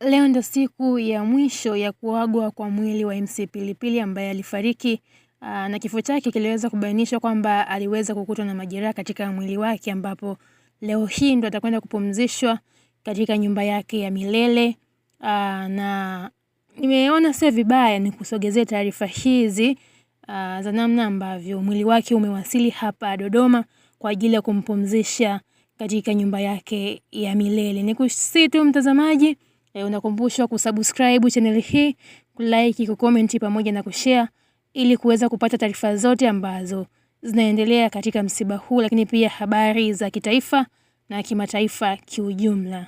Leo ndio siku ya mwisho ya kuagwa kwa mwili wa MC Pilipili ambaye alifariki ah, na kifo chake kiliweza kubainishwa kwamba aliweza kukutwa na majeraha katika mwili wake, ambapo leo hii ndo atakwenda kupumzishwa katika nyumba yake ya milele aa, ah, na nimeona sio vibaya ni kusogezea taarifa hizi aa, ah, za namna ambavyo mwili wake umewasili hapa Dodoma kwa ajili ya kumpumzisha katika nyumba yake ya milele. Ni tu mtazamaji E, unakumbushwa kusubscribe chaneli hii, kulike, kukomenti pamoja na kushare ili kuweza kupata taarifa zote ambazo zinaendelea katika msiba huu, lakini pia habari za kitaifa na kimataifa kiujumla.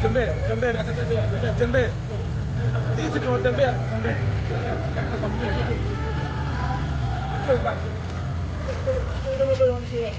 准备，准备，准备，准备，准备，继准备，准备，准备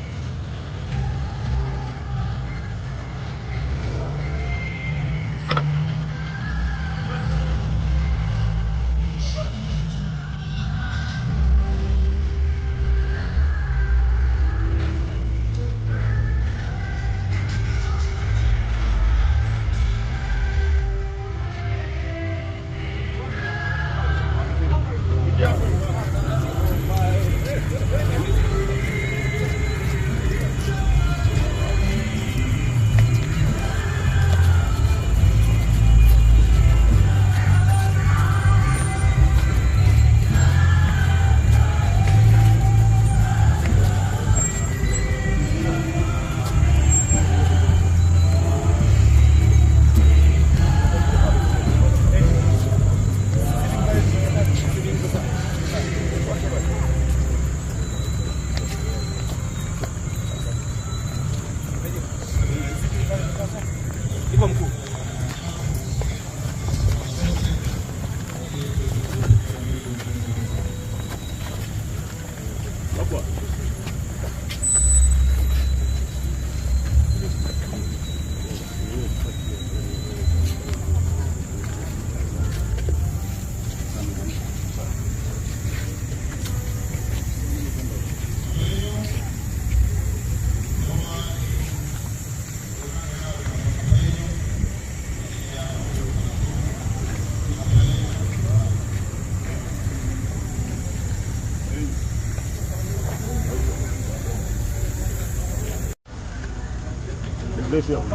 Beijão.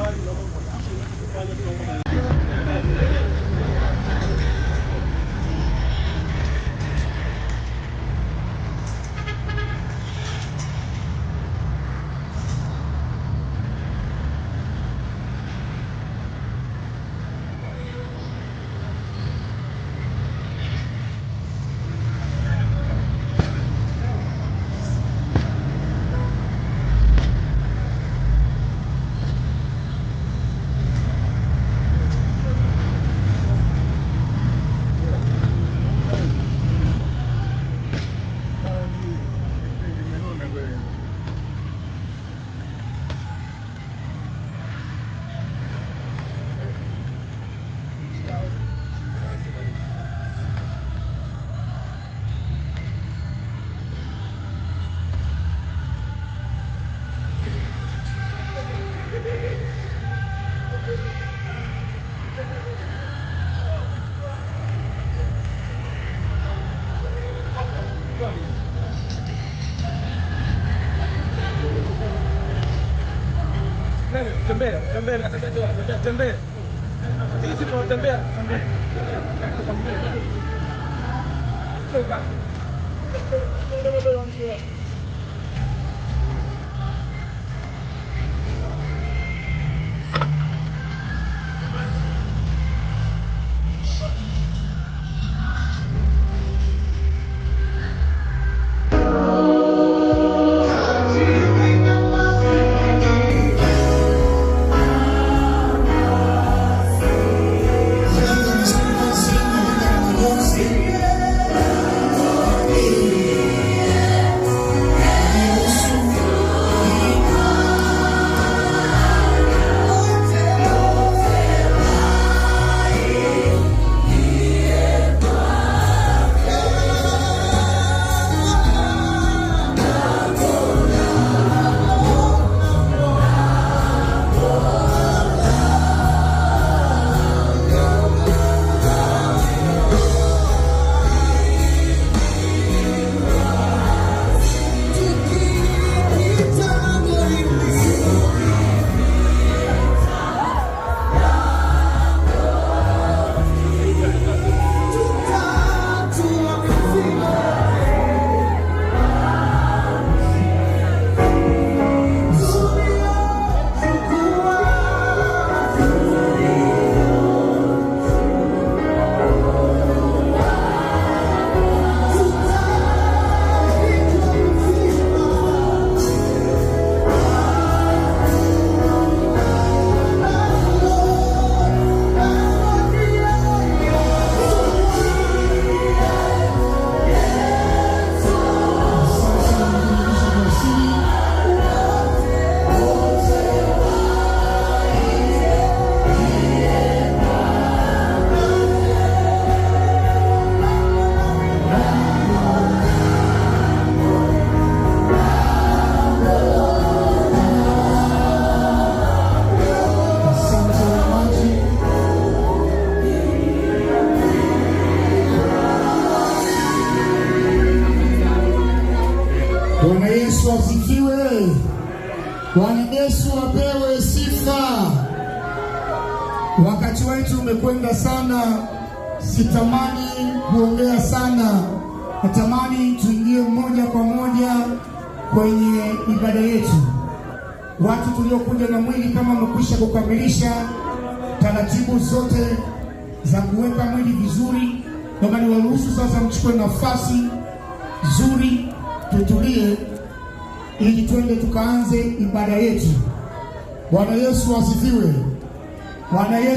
准备，准备，准备，准备，二十准备，准备，准备，准备，准备。Bwana Yesu apewe sifa. Wakati wetu umekwenda sana, sitamani kuongea sana, natamani tuingie moja kwa moja kwenye ibada yetu. Watu tuliokuja na mwili kama wamekwisha kukamilisha taratibu zote za kuweka mwili vizuri, naomba niwaruhusu sasa mchukue nafasi nzuri, tutulie ili twende tukaanze ibada yetu. Bwana Yesu asifiwe. Bwana Yesu